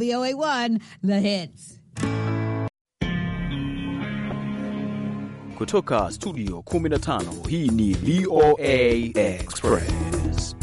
VOA1 The Hits. Kutoka studio 15 hii ni VOA Express.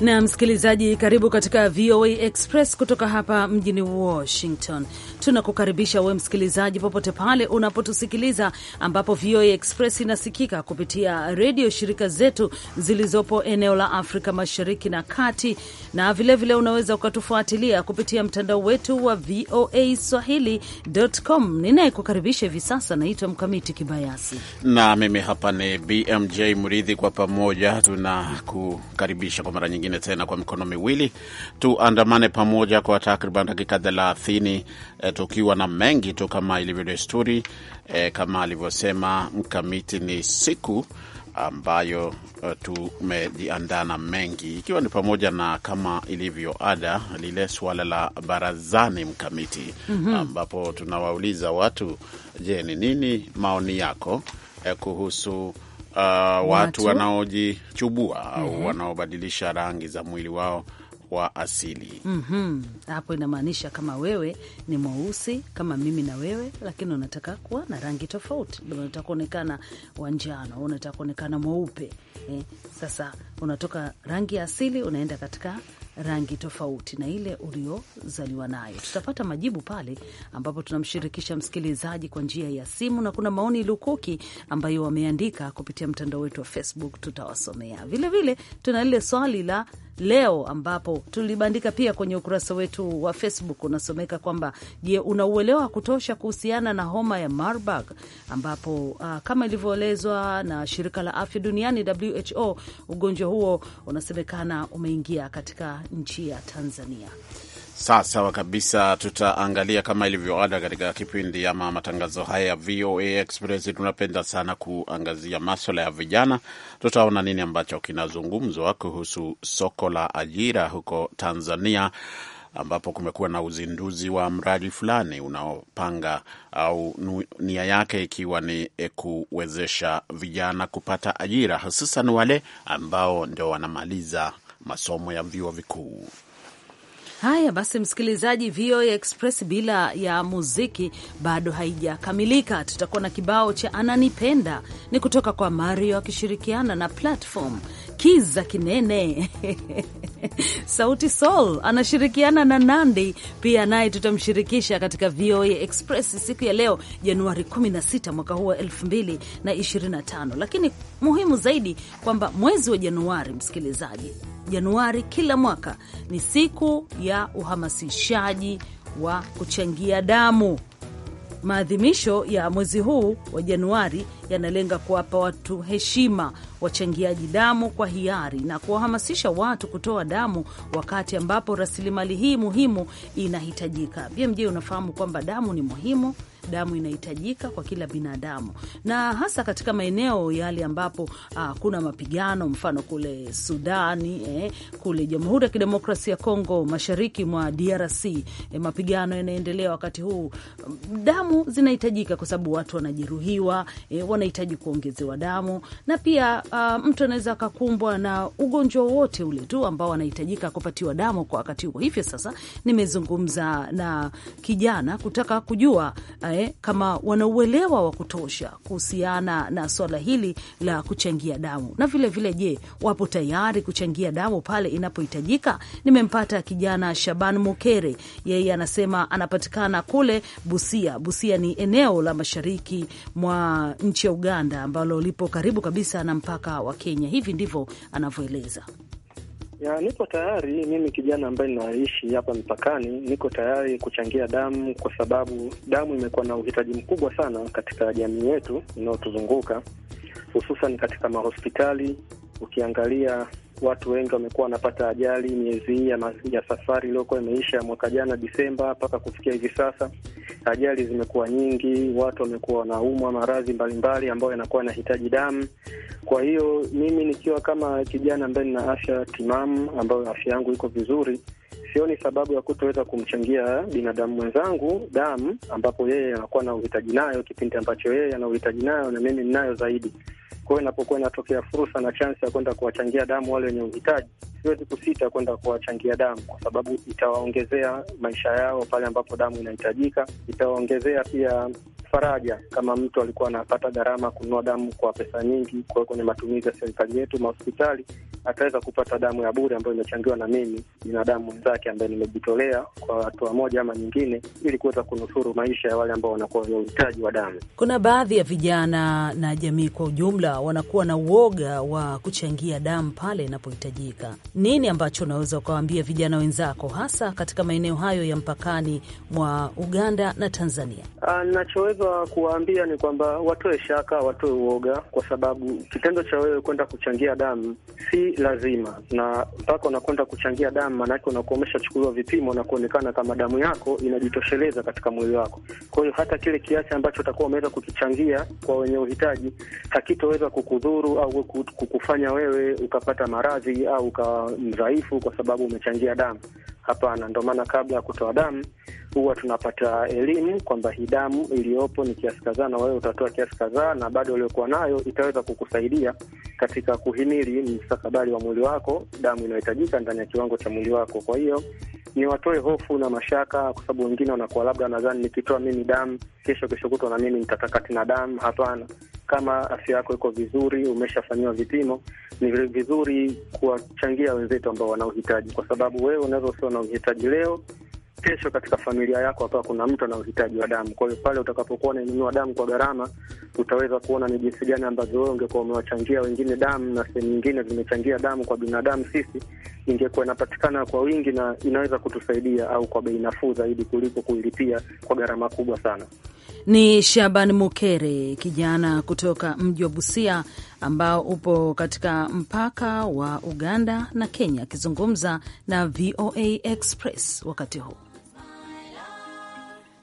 Na msikilizaji, karibu katika VOA Express kutoka hapa mjini Washington. Tunakukaribisha we msikilizaji, popote pale unapotusikiliza, ambapo VOA Express inasikika kupitia redio shirika zetu zilizopo eneo la Afrika Mashariki na Kati, na vilevile vile unaweza ukatufuatilia kupitia mtandao wetu wa VOA Swahili.com. Ninayekukaribisha hivi sasa naitwa Mkamiti Kibayasi na mimi hapa ni BMJ Mridhi. Kwa pamoja tunakukaribisha kwa mara nyingine tena kwa mikono miwili, tuandamane pamoja kwa takriban dakika thelathini eh, tukiwa na mengi tu kama ilivyo desturi. E, kama alivyosema Mkamiti, ni siku ambayo eh, tumejiandaa na mengi, ikiwa ni pamoja na kama ilivyo ada lile suala la barazani Mkamiti, mm -hmm. ambapo tunawauliza watu, je, ni nini maoni yako eh, kuhusu Uh, watu wanaojichubua au mm -hmm. wanaobadilisha rangi za mwili wao wa asili. mm -hmm. Hapo inamaanisha kama wewe ni mweusi kama mimi na wewe, lakini unataka kuwa na rangi tofauti, unataka kuonekana wa njano, unataka kuonekana mweupe eh. Sasa unatoka rangi ya asili unaenda katika rangi tofauti na ile uliozaliwa nayo. Tutapata majibu pale ambapo tunamshirikisha msikilizaji kwa njia ya simu, na kuna maoni lukuki ambayo wameandika kupitia mtandao wetu wa Facebook, tutawasomea vilevile. Tuna lile swali la leo, ambapo tulibandika pia kwenye ukurasa wetu wa Facebook. Unasomeka kwamba je, unauelewa wa kutosha kuhusiana na homa ya Marburg, ambapo uh, kama ilivyoelezwa na shirika la afya duniani WHO, ugonjwa huo unasemekana umeingia katika nchi ya Tanzania. Sawa sawa kabisa, tutaangalia kama ilivyo ada katika kipindi ama matangazo haya ya VOA Express. Tunapenda sana kuangazia maswala ya vijana. Tutaona nini ambacho kinazungumzwa kuhusu soko la ajira huko Tanzania, ambapo kumekuwa na uzinduzi wa mradi fulani unaopanga au nia yake ikiwa ni eh, kuwezesha vijana kupata ajira, hususan wale ambao ndio wanamaliza masomo ya vyuo vikuu. Haya basi, msikilizaji, VOA Express bila ya muziki bado haijakamilika. Tutakuwa na kibao cha ananipenda ni kutoka kwa Mario akishirikiana na Platform kiza kinene Sauti Sol anashirikiana na Nandi pia naye tutamshirikisha katika VOA Express siku ya leo Januari 16 mwaka huu wa 2025. Lakini muhimu zaidi kwamba mwezi wa Januari, msikilizaji, Januari kila mwaka ni siku ya uhamasishaji wa kuchangia damu. Maadhimisho ya mwezi huu wa Januari yanalenga kuwapa watu heshima wachangiaji damu kwa hiari na kuwahamasisha watu kutoa damu wakati ambapo rasilimali hii muhimu inahitajika. BMJ, unafahamu kwamba damu ni muhimu, damu inahitajika kwa kila binadamu, na hasa katika maeneo yale ambapo ah, kuna mapigano, mfano kule Sudani eh, kule Jamhuri ya Kidemokrasia ya Kongo, mashariki mwa DRC eh, mapigano yanaendelea wakati huu. Damu zinahitajika kwa sababu watu wanajeruhiwa, eh, wanahitaji kuongezewa damu na pia uh, mtu anaweza akakumbwa na ugonjwa wowote ule tu ambao anahitajika kupatiwa damu kwa wakati huo. Hivyo sasa nimezungumza na kijana kutaka kujua eh, kama wanauelewa wa kutosha kuhusiana na swala hili la kuchangia damu na vilevile, je, wapo tayari kuchangia damu pale inapohitajika. Nimempata kijana Shaban Mukere, yeye anasema anapatikana kule Busia. Busia ni eneo la mashariki mwa nchi ya Uganda ambalo lipo karibu kabisa na mpaka mpaka wa Kenya. Hivi ndivyo anavyoeleza. Ya, niko tayari mimi kijana ambaye ninaishi hapa mpakani niko tayari kuchangia damu kwa sababu damu imekuwa na uhitaji mkubwa sana katika jamii yetu inayotuzunguka hususan katika mahospitali. Ukiangalia watu wengi wamekuwa wanapata ajali miezi hii ya, ya safari iliyokuwa imeisha ya mwaka jana Disemba mpaka kufikia hivi sasa. Ajali zimekuwa nyingi, watu wamekuwa wanaumwa maradhi mbalimbali ambayo yanakuwa yanahitaji damu. Kwa hiyo mimi nikiwa kama kijana ambaye nina afya timamu, ambayo afya yangu iko vizuri sioni sababu ya kutoweza kumchangia binadamu mwenzangu damu ambapo yeye anakuwa na uhitaji nayo, kipindi ambacho yeye ana uhitaji nayo na mimi ninayo zaidi kwao inapokuwa inatokea fursa na chansi ya kwenda kuwachangia damu wale wenye uhitaji, siwezi kusita kwenda kuwachangia damu, kwa sababu itawaongezea maisha yao pale ambapo damu inahitajika, itawaongezea pia faraja kama mtu alikuwa anapata gharama kununua damu kwa pesa nyingi, kwa kwenye matumizi ya serikali yetu mahospitali, ataweza kupata damu ya bure ambayo imechangiwa na mimi binadamu wenzake ambaye nimejitolea kwa hatua moja ama nyingine, ili kuweza kunusuru maisha ya wale ambao wanakuwa wenye uhitaji wa damu. Kuna baadhi ya vijana na jamii kwa ujumla wanakuwa na uoga wa kuchangia damu pale inapohitajika. Nini ambacho unaweza ukawaambia vijana wenzako, hasa katika maeneo hayo ya mpakani mwa Uganda na Tanzania? Ah, Nachoweza naweza kuwaambia ni kwamba watoe shaka, watoe uoga, kwa sababu kitendo cha wewe kwenda kuchangia damu si lazima, na mpaka unakwenda kuchangia damu, maanake unakuwa umeshachukuliwa vipimo na kuonekana kama damu yako inajitosheleza katika mwili wako. Kwa hiyo hata kile kiasi ambacho utakuwa umeweza kukichangia kwa wenye uhitaji hakitoweza kukudhuru au kukufanya wewe ukapata maradhi au ukawa mdhaifu kwa sababu umechangia damu. Hapana, ndo maana kabla ya kutoa damu huwa tunapata elimu kwamba hii damu iliyopo ni kiasi kadhaa na wewe utatoa kiasi kadhaa, na bado uliokuwa nayo itaweza kukusaidia katika kuhimili mstakabali wa mwili wako, damu inayohitajika ndani ya kiwango cha mwili wako. Kwa hiyo ni watoe hofu na mashaka, kwa sababu wengine wanakuwa labda nadhani nikitoa mimi damu kesho, kesho kutwa na mimi nitatakati na damu. Hapana, kama afya yako iko vizuri, umeshafanyiwa vipimo, ni vizuri kuwachangia wenzetu ambao wana uhitaji, kwa sababu wewe unaweza usiwa na uhitaji leo kesho katika familia yako hapa kuna mtu ana uhitaji wa damu. Kwa hiyo pale utakapokuwa unanunua damu kwa gharama, utaweza kuona ni jinsi gani ambazo wewe ungekuwa umewachangia wengine damu na sehemu nyingine zimechangia damu kwa binadamu, sisi ingekuwa inapatikana kwa wingi na inaweza kutusaidia au kwa bei nafuu zaidi kuliko kuilipia kwa gharama kubwa sana. Ni Shaban Mukere, kijana kutoka mji wa Busia ambao upo katika mpaka wa Uganda na Kenya, akizungumza na VOA Express wakati huu.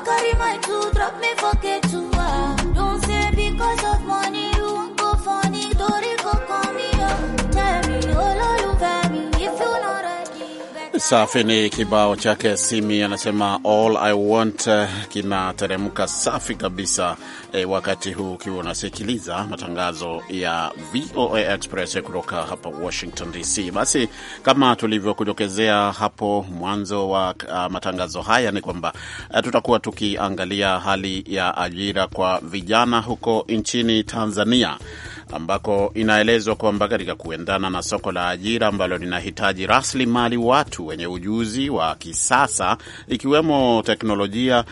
Bakari my too, drop me, forget Safi ni kibao chake Simi anasema all I want, eh, kinateremka safi kabisa E, wakati huu ukiwa unasikiliza matangazo ya VOA Express kutoka hapa Washington DC. Basi kama tulivyokudokezea hapo mwanzo wa uh, matangazo haya ni kwamba uh, tutakuwa tukiangalia hali ya ajira kwa vijana huko nchini Tanzania ambako inaelezwa kwamba katika kuendana na soko la ajira ambalo linahitaji rasilimali watu wenye ujuzi wa kisasa ikiwemo teknolojia,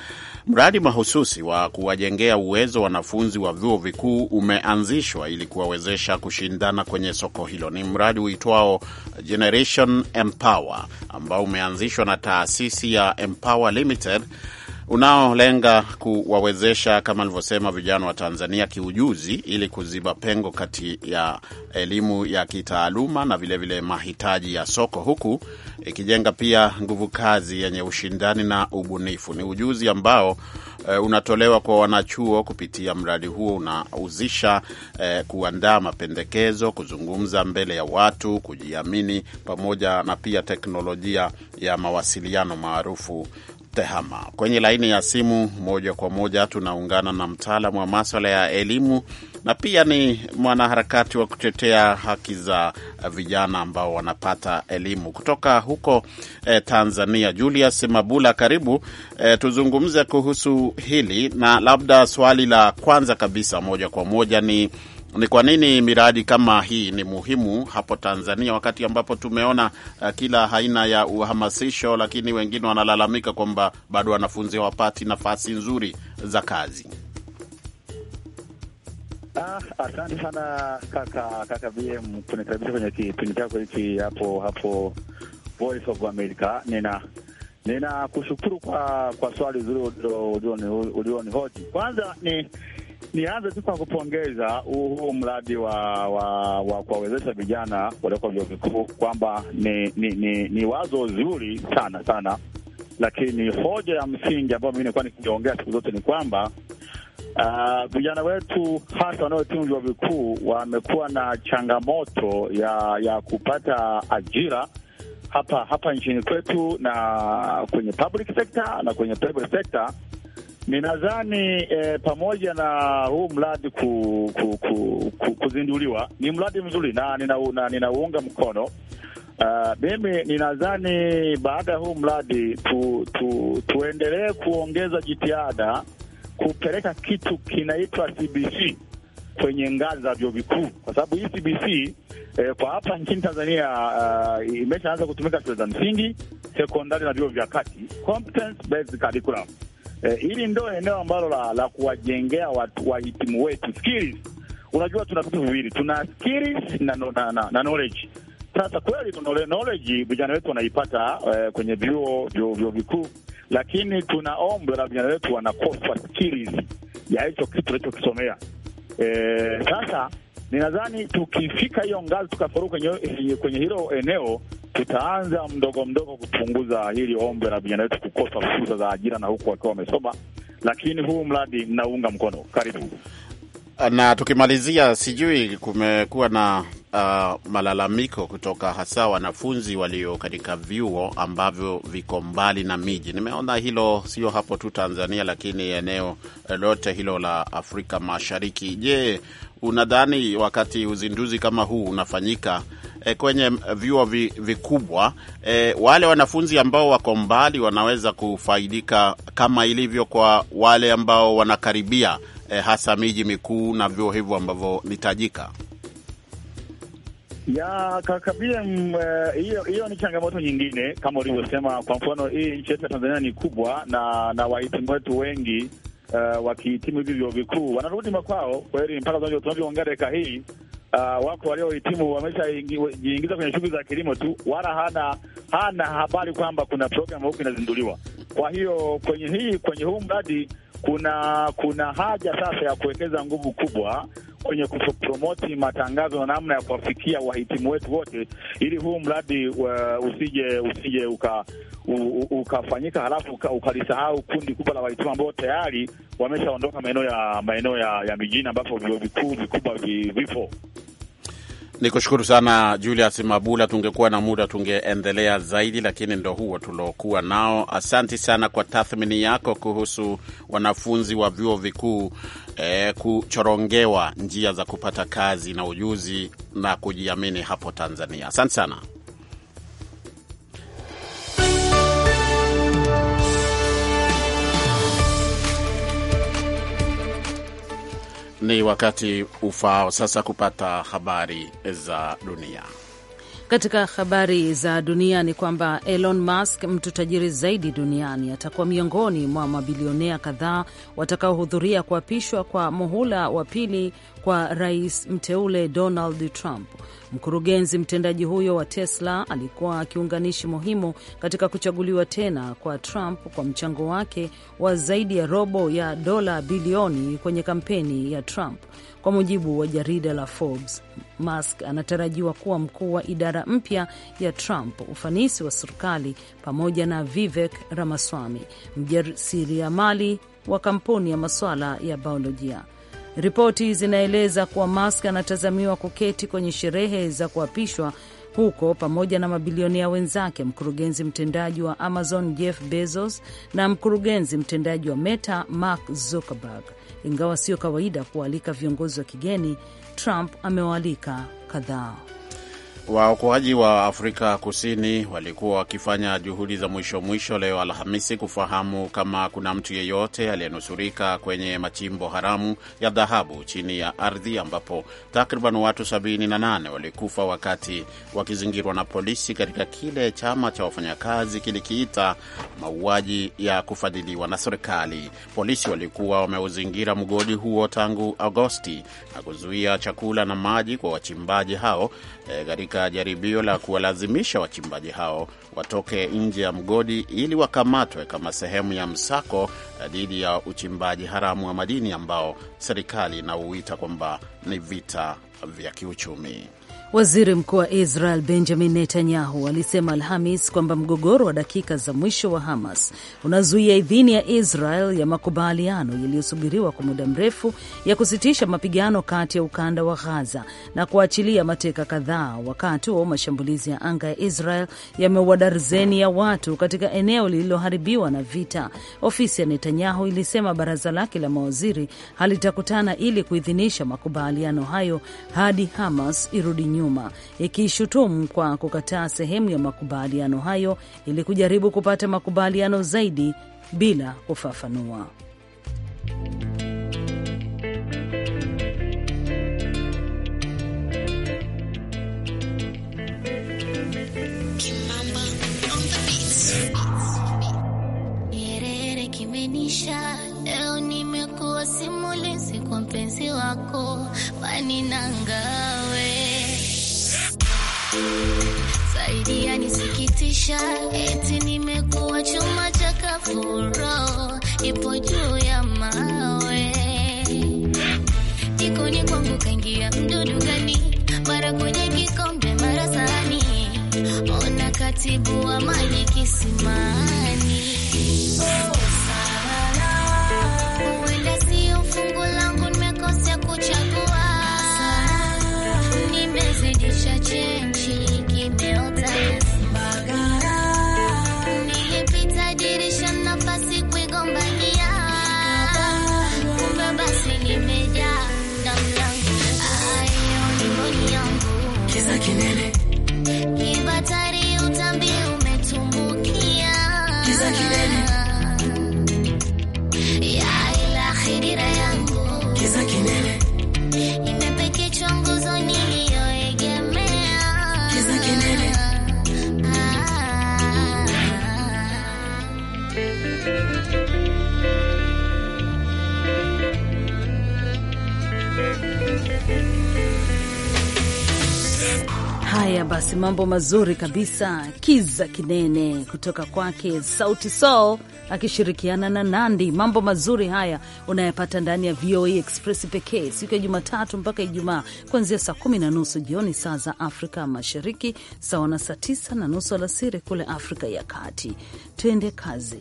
mradi mahususi wa kuwajengea uwezo wanafunzi wa vyuo vikuu umeanzishwa ili kuwawezesha kushindana kwenye soko hilo. Ni mradi uitwao Generation Empower ambao umeanzishwa na taasisi ya Empower Limited unaolenga kuwawezesha kama alivyosema vijana wa Tanzania kiujuzi, ili kuziba pengo kati ya elimu ya kitaaluma na vilevile vile mahitaji ya soko, huku ikijenga pia nguvu kazi yenye ushindani na ubunifu. Ni ujuzi ambao eh, unatolewa kwa wanachuo kupitia mradi huo, unahusisha eh, kuandaa mapendekezo, kuzungumza mbele ya watu, kujiamini, pamoja na pia teknolojia ya mawasiliano maarufu TEHAMA. Kwenye laini ya simu moja kwa moja tunaungana na mtaalamu wa maswala ya elimu na pia ni mwanaharakati wa kutetea haki za vijana ambao wanapata elimu kutoka huko eh, Tanzania. Julius Mabula, karibu eh, tuzungumze kuhusu hili, na labda swali la kwanza kabisa moja kwa moja ni ni kwa nini miradi kama hii ni muhimu hapo Tanzania, wakati ambapo tumeona uh, kila aina ya uhamasisho, lakini wengine wanalalamika kwamba bado wanafunzi hawapati nafasi nzuri za kazi? Ah, asante sana kaka kaka BM kunikaribisha kwenye kipindi chako hiki hapo hapo Voice of America. Nina ninakushukuru kwa kwa swali zuri ulionihoji. Kwanza ni Nianze tu kwa kupongeza huu mradi wa wa, wa kuwawezesha vijana walioko vyuo vikuu kwamba ni, ni, ni, ni wazo zuri sana sana, lakini hoja ya msingi ambayo mimi nilikuwa nikiongea siku zote ni kwamba uh, vijana wetu hasa wanaohitimu vyuo vikuu wamekuwa na changamoto ya, ya kupata ajira hapa hapa nchini kwetu na kwenye public sector na kwenye private sector Ninadhani eh, pamoja na huu mradi ku, ku, ku, ku, kuzinduliwa ni mradi mzuri na ninauunga nina, nina mkono ah, mimi uh, ninadhani baada ya huu mradi tu, tu, tuendelee kuongeza jitihada kupeleka kitu kinaitwa CBC kwenye ngazi za vyuo vikuu kwa sababu hii CBC eh, kwa hapa nchini Tanzania uh, imeshaanza kutumika shule za msingi, sekondari na vyuo vya kati, competence based curriculum eh, hili ndo eneo ambalo la, la kuwajengea watu wahitimu wetu skills. Unajua tuna vitu viwili, tuna skills na, na, na, na knowledge. Sasa kweli tuna knowledge vijana wetu wanaipata eh, kwenye vyuo vyuo vikuu, lakini tuna ombwe la vijana wetu wanakosa skills ya hicho kitu tunachokisomea eh, sasa Ninadhani tukifika hiyo ngazi tukafaruka eh, kwenye hilo eneo, tutaanza mdogo mdogo kupunguza hili ombwe la vijana wetu kukosa fursa za ajira na huku wakiwa wamesoma, lakini huu mradi mnaunga mkono. Karibu. Na tukimalizia, sijui kumekuwa na uh, malalamiko kutoka hasa wanafunzi walio katika vyuo ambavyo viko mbali na miji. Nimeona hilo sio hapo tu Tanzania, lakini eneo lote hilo la Afrika Mashariki. Je, unadhani wakati uzinduzi kama huu unafanyika e, kwenye vyuo vi, vikubwa e, wale wanafunzi ambao wako mbali wanaweza kufaidika kama ilivyo kwa wale ambao wanakaribia e, hasa miji mikuu na vyuo hivyo ambavyo ni tajika? Ya kakabila hiyo uh, ni changamoto nyingine kama ulivyosema. Kwa mfano hii nchi yetu ya Tanzania ni kubwa na na wahitimu wetu wengi uh, wakihitimu hivi vyuo vikuu wanarudi makwao. Kweli mpaka tunavyoongea dakika hii uh, wako waliohitimu wameshajiingiza kwenye shughuli za kilimo tu, wala hana hana habari kwamba kuna programu huku inazinduliwa. Kwa hiyo kwenye hii kwenye huu mradi kuna kuna haja sasa ya kuwekeza nguvu kubwa kwenye kupromoti matangazo na namna ya kuwafikia wahitimu wetu wote, ili huu mradi uh, usije usije uka ukafanyika halafu ukalisahau kundi kubwa la wahitimu ambao tayari wameshaondoka maeneo ya maeneo ya, ya mijini ambapo vyuo vikuu vikubwa vipo. Ni kushukuru sana Julius Mabula. Tungekuwa na muda tungeendelea zaidi, lakini ndo huo tuliokuwa nao. Asanti sana kwa tathmini yako kuhusu wanafunzi wa vyuo vikuu eh, kuchorongewa njia za kupata kazi na ujuzi na kujiamini hapo Tanzania. Asante sana. Ni wakati ufaao sasa kupata habari za dunia. Katika habari za dunia ni kwamba Elon Musk, mtu tajiri zaidi duniani, atakuwa miongoni mwa mabilionea kadhaa watakaohudhuria kuapishwa kwa muhula wa pili kwa rais mteule Donald Trump. Mkurugenzi mtendaji huyo wa Tesla alikuwa kiunganishi muhimu katika kuchaguliwa tena kwa Trump kwa mchango wake wa zaidi ya robo ya dola bilioni kwenye kampeni ya Trump. Kwa mujibu wa jarida la Forbes, Musk anatarajiwa kuwa mkuu wa idara mpya ya Trump, ufanisi wa serikali, pamoja na Vivek Ramaswamy, mjasiriamali wa kampuni ya masuala ya biolojia. Ripoti zinaeleza kuwa Musk anatazamiwa kuketi kwenye sherehe za kuapishwa huko pamoja na mabilionea wenzake, mkurugenzi mtendaji wa Amazon Jeff Bezos na mkurugenzi mtendaji wa Meta Mark Zuckerberg. Ingawa sio kawaida kuwaalika viongozi wa kigeni, Trump amewaalika kadhaa. Waokoaji wa Afrika Kusini walikuwa wakifanya juhudi za mwisho mwisho leo Alhamisi kufahamu kama kuna mtu yeyote aliyenusurika kwenye machimbo haramu ya dhahabu chini ya ardhi ambapo takriban watu 78 walikufa wakati wakizingirwa na polisi katika kile chama cha wafanyakazi kilikiita mauaji ya kufadhiliwa na serikali. Polisi walikuwa wameuzingira mgodi huo tangu Agosti na kuzuia chakula na maji kwa wachimbaji hao eh, katika katika jaribio la kuwalazimisha wachimbaji hao watoke nje ya mgodi ili wakamatwe kama sehemu ya msako dhidi ya uchimbaji haramu wa madini ambao serikali inauita kwamba ni vita vya kiuchumi. Waziri Mkuu wa Israel Benjamin Netanyahu alisema Alhamis kwamba mgogoro wa dakika za mwisho wa Hamas unazuia idhini ya Israel ya makubaliano yaliyosubiriwa kwa muda mrefu ya kusitisha mapigano kati ya ukanda wa Ghaza na kuachilia mateka kadhaa, wakati wa mashambulizi ya anga ya Israel yameua darzeni ya watu katika eneo lililoharibiwa na vita. Ofisi ya Netanyahu ilisema baraza lake la mawaziri halitakutana ili kuidhinisha makubaliano hayo hadi Hamas irudi nyuma ikiishutumu kwa kukataa sehemu ya makubaliano hayo ili kujaribu kupata makubaliano zaidi bila kufafanua. Leo nimekuwa simulizi kwa mpenzi wako, saidia nisikitisha, eti nimekuwa chuma cha kafuro, ipo juu ya mawe, jikoni kwangu kaingia mdudu gani? Mara kwenye kikombe, mara sahani, ona katibu wa maji kisimani. mambo mazuri kabisa, kiza kinene kutoka kwake Sauti Sol akishirikiana na Nandi. Mambo mazuri haya unayapata ndani ya VOA e Express pekee siku ya Jumatatu mpaka Ijumaa, kuanzia saa kumi na nusu jioni saa za Afrika Mashariki, sawa na saa tisa na nusu alasiri kule Afrika ya Kati. Tuende kazi.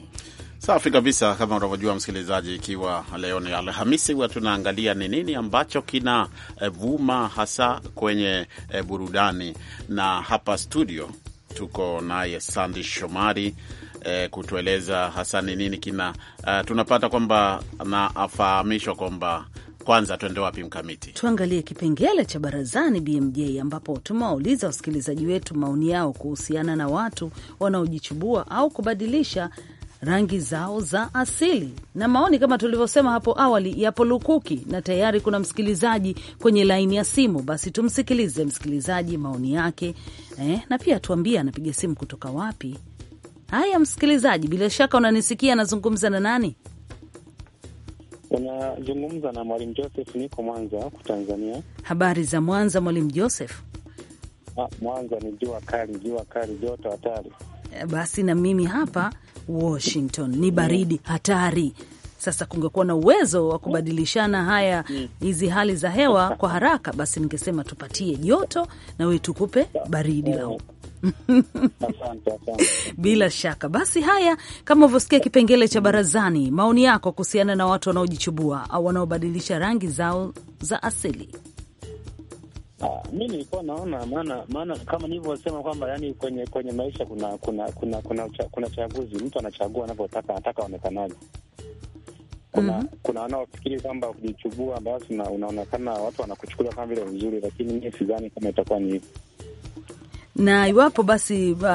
Safi kabisa. Kama unavyojua msikilizaji, ikiwa leo ni Alhamisi, huwa tunaangalia ni nini ambacho kina eh, vuma hasa kwenye eh, burudani, na hapa studio tuko naye Sandi Shomari eh, kutueleza hasa ni nini kina eh, tunapata kwamba na afahamishwa kwamba kwanza tuende wapi Mkamiti? Tuangalie kipengele cha barazani BMJ, ambapo tumewauliza wasikilizaji wetu maoni yao kuhusiana na watu wanaojichubua au kubadilisha rangi zao za asili. Na maoni kama tulivyosema hapo awali yapo lukuki, na tayari kuna msikilizaji kwenye laini ya simu. Basi tumsikilize msikilizaji maoni yake eh, na pia tuambie anapiga simu kutoka wapi. Haya, msikilizaji, bila shaka unanisikia, anazungumza na nani? Unazungumza na Mwalimu Joseph, niko Mwanza huku Tanzania. Habari za Mwanza, Mwalimu Joseph? Ah, Mwanza ni jua kali, jua kali, joto hatari. Eh, basi na mimi hapa Washington ni baridi hatari. Sasa kungekuwa na uwezo wa kubadilishana haya hizi hali za hewa kwa haraka, basi ningesema tupatie joto na we tukupe baridi la huku. Bila shaka basi, haya, kama ulivyosikia kipengele cha barazani, maoni yako kuhusiana na watu wanaojichubua au wanaobadilisha rangi zao za asili. Ah. Mi nilikuwa naona maana maana kama nilivyosema kwamba yani kwenye kwenye maisha kuna kuna kuna kuna, cha, kuna chaguzi, mtu anachagua anavyotaka anataka aonekanaje. Kuna mm -hmm. kuna wanaofikiri kwamba kujichubua basi unaonekana watu wanakuchukulia kama vile uzuri, lakini mi sidhani kama itakuwa ni hivyo na iwapo basi uh,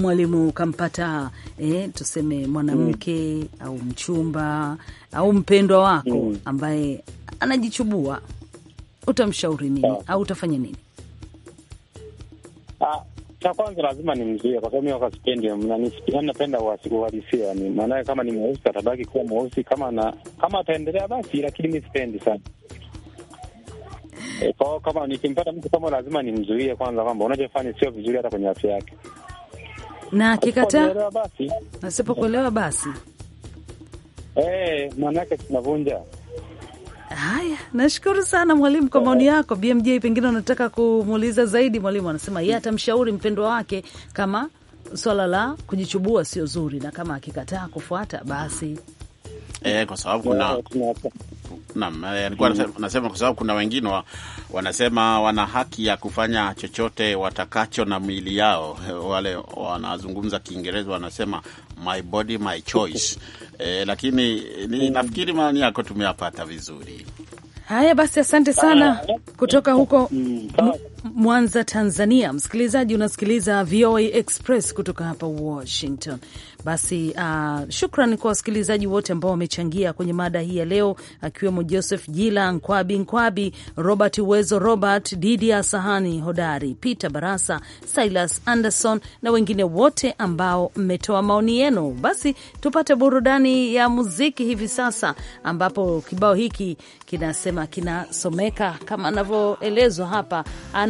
mwalimu ukampata eh, tuseme mwanamke mm. au mchumba au mpendwa wako mm. ambaye anajichubua utamshauri nini au utafanya nini? Ah, cha kwanza lazima nimzuie, kwa sababu mimi wakasipendi, napenda uhalisia. Yani maanaye kama ni mweusi atabaki kuwa mweusi, kama na kama ataendelea basi, lakini mi sipendi sana e, eh, kwao. Kama nikimpata mtu kama, lazima nimzuie kwanza, kwamba unachofanya sio vizuri, hata kwenye afya yake, na akikataa, asipokuelewa basi, basi. E, eh, maanaake tunavunja Haya, nashukuru sana mwalimu kwa maoni yako. BMJ pengine unataka kumuuliza zaidi mwalimu. Anasema yeye atamshauri mpendwa wake kama swala la kujichubua sio zuri, na kama akikataa kufuata basi E, kwa sababu kuna naam, eh, kwa sababu kuna wengine wanasema wana haki ya kufanya chochote watakacho na miili yao. Wale wanazungumza Kiingereza wanasema my body my choice. E, lakini ni, nafikiri maoni yako tumeyapata vizuri. Haya basi, asante sana kutoka huko mm. Mwanza, Tanzania. Msikilizaji, unasikiliza VOA Express kutoka hapa Washington. Basi uh, shukran kwa wasikilizaji wote ambao wamechangia kwenye mada hii ya leo, akiwemo Joseph Jila, Nkwabi Nkwabi, Robert Uwezo, Robert Didia, Sahani Hodari, Peter Barasa, Silas Anderson na wengine wote ambao mmetoa maoni yenu. Basi tupate burudani ya muziki hivi sasa, ambapo kibao hiki kinasema kinasomeka kama anavyoelezwa hapa An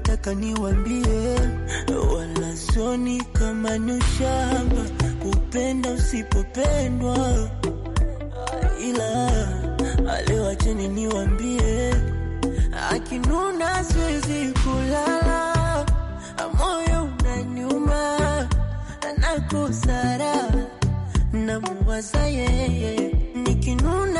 nataka niwambie, wala soni kama ni ushamba kupenda usipopendwa, ila alewacheni niwambie, akinuna siwezi kulala, moyo unaniuma, nakosara namuwaza yeye nikinuna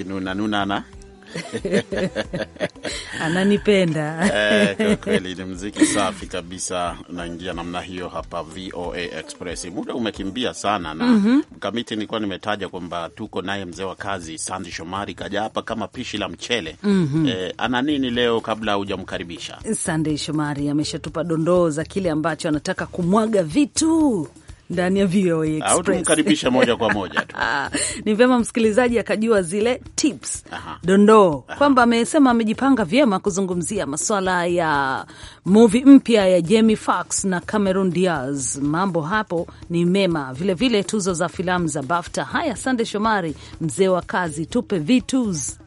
akinuna nuna na ananipenda eh, kwa kweli. Ni mziki safi kabisa, naingia namna hiyo hapa VOA Express. Muda umekimbia sana na mm -hmm. Kamiti, nilikuwa nimetaja kwamba tuko naye mzee wa kazi Sandi Shomari kaja hapa kama pishi la mchele mm -hmm. Eh, ana nini leo kabla hujamkaribisha Sandi Shomari? Ameshatupa dondoo za kile ambacho anataka kumwaga vitu ndani ya VOA e Express au tumkaribisha moja kwa moja tu. Ah, ni vyema msikilizaji akajua zile tips dondoo, kwamba amesema amejipanga vyema kuzungumzia masuala ya movi mpya ya Jamie Foxx na Cameron Diaz. Mambo hapo ni mema, vilevile vile tuzo za filamu za BAFTA. Haya, Sande Shomari, mzee wa kazi, tupe vitus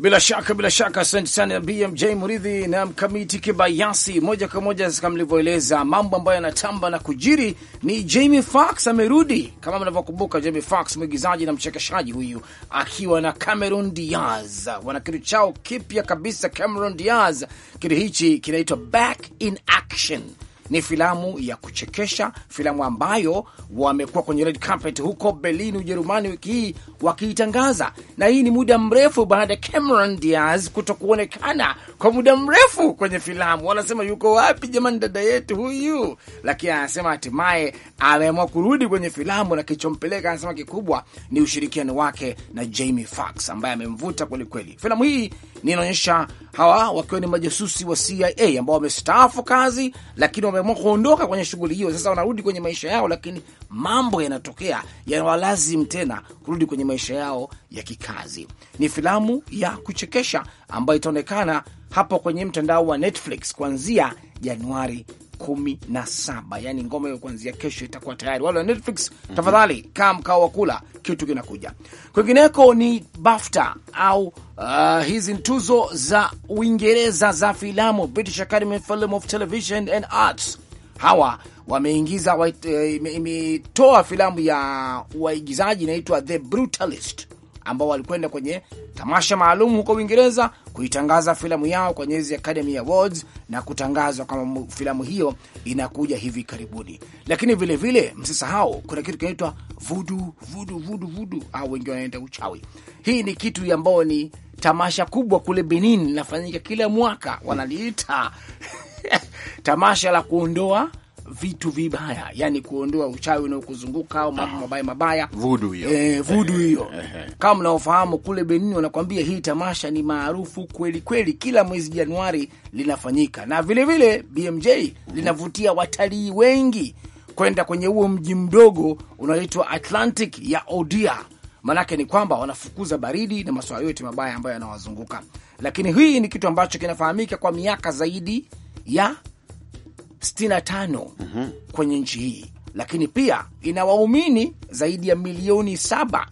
bila shaka bila shaka, asante sana BMJ Muridhi na Mkamiti Kibayasi. Moja kwa moja kama mlivyoeleza, mambo ambayo yanatamba na kujiri ni Jamie Foxx amerudi. Kama mnavyokumbuka, Jamie Foxx mwigizaji na mchekeshaji huyu akiwa na Cameron Diaz, wana kitu chao kipya kabisa. Cameron Diaz, kitu hichi kinaitwa Back in Action ni filamu ya kuchekesha, filamu ambayo wamekuwa kwenye red carpet huko Berlin, Ujerumani wiki hii wakiitangaza, na hii ni muda mrefu baada ya Cameron Diaz kuto kuonekana kwa muda mrefu kwenye filamu. Wanasema yuko wapi jamani, dada yetu huyu? Lakini anasema hatimaye ameamua kurudi kwenye filamu, na kilichompeleka anasema kikubwa ni ushirikiano wake na Jamie Foxx ambaye amemvuta kwelikweli. Filamu hii ninaonyesha hawa wakiwa ni majasusi wa CIA ambao wamestaafu kazi lakini wame wameamua kuondoka kwenye shughuli hiyo, sasa wanarudi kwenye maisha yao, lakini mambo yanatokea yanawalazim tena kurudi kwenye maisha yao ya kikazi. Ni filamu ya kuchekesha ambayo itaonekana hapo kwenye mtandao wa Netflix kuanzia Januari kumi na saba. Yani ngoma hiyo kuanzia kesho itakuwa tayari. Wale wa Netflix mm -hmm. tafadhali kaa mkao wa kula, kitu kinakuja. Kwingineko ni BAFTA au Uh, hizi tuzo za Uingereza za filamu, British Academy of Film of Television and Arts. Hawa wameingiza eh, imetoa uh, filamu ya waigizaji inaitwa The Brutalist ambao walikwenda kwenye tamasha maalum huko Uingereza kuitangaza filamu yao kwa nyezi Academy Awards na kutangazwa kama filamu hiyo inakuja hivi karibuni. Lakini vilevile msisahau, kuna kitu kinaitwa vudu vudu vudu vudu, au wengi wanaenda uchawi. Hii ni kitu ambayo ni tamasha kubwa kule Benin, linafanyika kila mwaka, wanaliita tamasha la kuondoa vitu vibaya, yani kuondoa uchawi unaokuzunguka au mambo ah. mabaya mabaya, vudu hiyo e, vudu eh, hiyo. Eh, Kama mnaofahamu kule Benin wanakwambia hii tamasha ni maarufu kweli kweli, kila mwezi Januari linafanyika na vilevile vile, BMJ mhm. linavutia watalii wengi kwenda kwenye huo mji mdogo unaoitwa Atlantic ya Odia. Maanake ni kwamba wanafukuza baridi na masuala yote mabaya ambayo yanawazunguka, lakini hii ni kitu ambacho kinafahamika kwa miaka zaidi ya 65 mm -hmm. kwenye nchi hii, lakini pia ina waumini zaidi ya milioni saba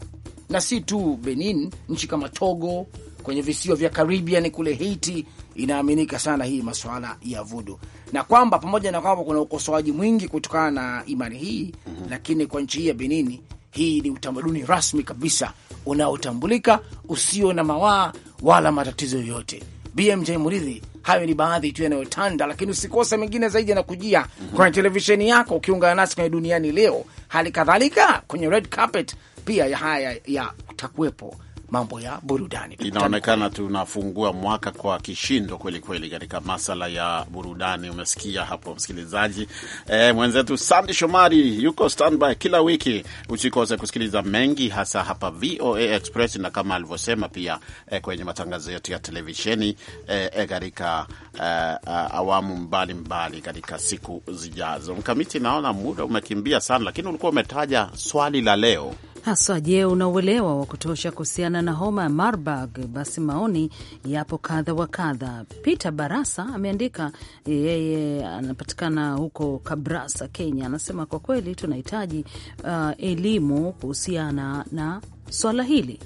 na si tu Benin, nchi kama Togo kwenye visiwa vya Caribbean kule Haiti inaaminika sana hii masuala ya vudu, na kwamba pamoja na kwamba kuna ukosoaji mwingi kutokana na imani hii mm -hmm. lakini kwa nchi hii ya Benini, hii ni utamaduni rasmi kabisa unaotambulika usio na mawaa wala matatizo yoyote. BMJ Muridhi. Hayo ni baadhi tu yanayotanda, lakini usikose mengine zaidi yanakujia mm -hmm. kwenye televisheni yako ukiungana nasi kwenye Duniani Leo, hali kadhalika kwenye red carpet pia ya haya yatakuwepo mambo ya burudani. Inaonekana tunafungua mwaka kwa kishindo kwelikweli katika masala ya burudani. Umesikia hapo msikilizaji. E, mwenzetu Sandi Shomari yuko standby kila wiki. Usikose kusikiliza mengi hasa hapa VOA Express, na kama alivyosema pia e, kwenye matangazo yetu ya televisheni eh, katika e, e, e, awamu mbalimbali katika siku zijazo. Mkamiti, naona muda umekimbia sana, lakini ulikuwa umetaja swali la leo haswa. Je, una uelewa wa kutosha kuhusiana na homa ya Marburg? Basi maoni yapo kadha wa kadha. Peter Barasa ameandika, yeye anapatikana huko Kabrasa, Kenya. Anasema kwa kweli tunahitaji uh, elimu kuhusiana na swala hili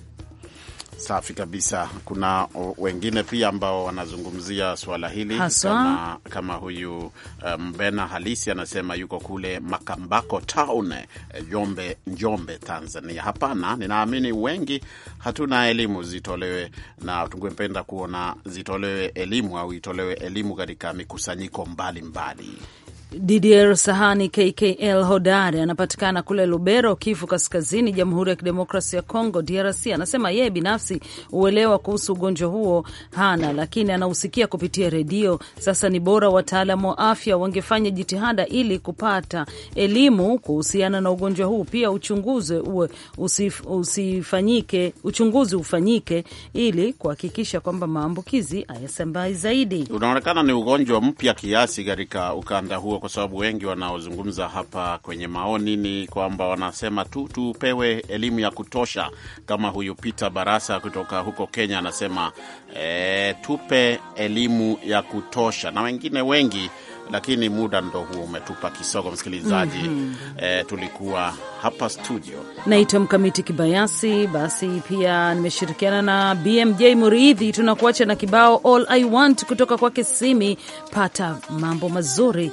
Safi kabisa. Kuna wengine pia ambao wanazungumzia suala hili kama, kama huyu eh, Mbena um, halisi anasema yuko kule Makambako town eh, Jombe, Njombe, Tanzania. Hapana, ninaamini wengi hatuna elimu zitolewe, na tungependa kuona zitolewe elimu au itolewe elimu katika mikusanyiko mbalimbali mbali. Didier Sahani KKL Hodari anapatikana kule Lubero, Kivu Kaskazini, Jamhuri ya kidemokrasi ya Kongo, DRC. Anasema yeye binafsi uelewa kuhusu ugonjwa huo hana, lakini anausikia kupitia redio. Sasa ni bora wataalamu wa afya wangefanya jitihada ili kupata elimu kuhusiana na ugonjwa huu, pia uchunguzi uwe usif, usifanyike, uchunguzi ufanyike ili kuhakikisha kwamba maambukizi hayasambai zaidi. Unaonekana ni ugonjwa mpya kiasi katika ukanda huo kwa sababu wengi wanaozungumza hapa kwenye maoni ni kwamba wanasema tu tupewe elimu ya kutosha, kama huyu Peter Barasa kutoka huko Kenya anasema e, tupe elimu ya kutosha, na wengine wengi lakini muda ndo huo umetupa kisogo, msikilizaji. mm -hmm. E, tulikuwa hapa studio, naitwa Mkamiti Kibayasi. Basi pia nimeshirikiana na BMJ Muridhi. Tunakuacha na kibao All I Want kutoka kwake Simi. Pata mambo mazuri.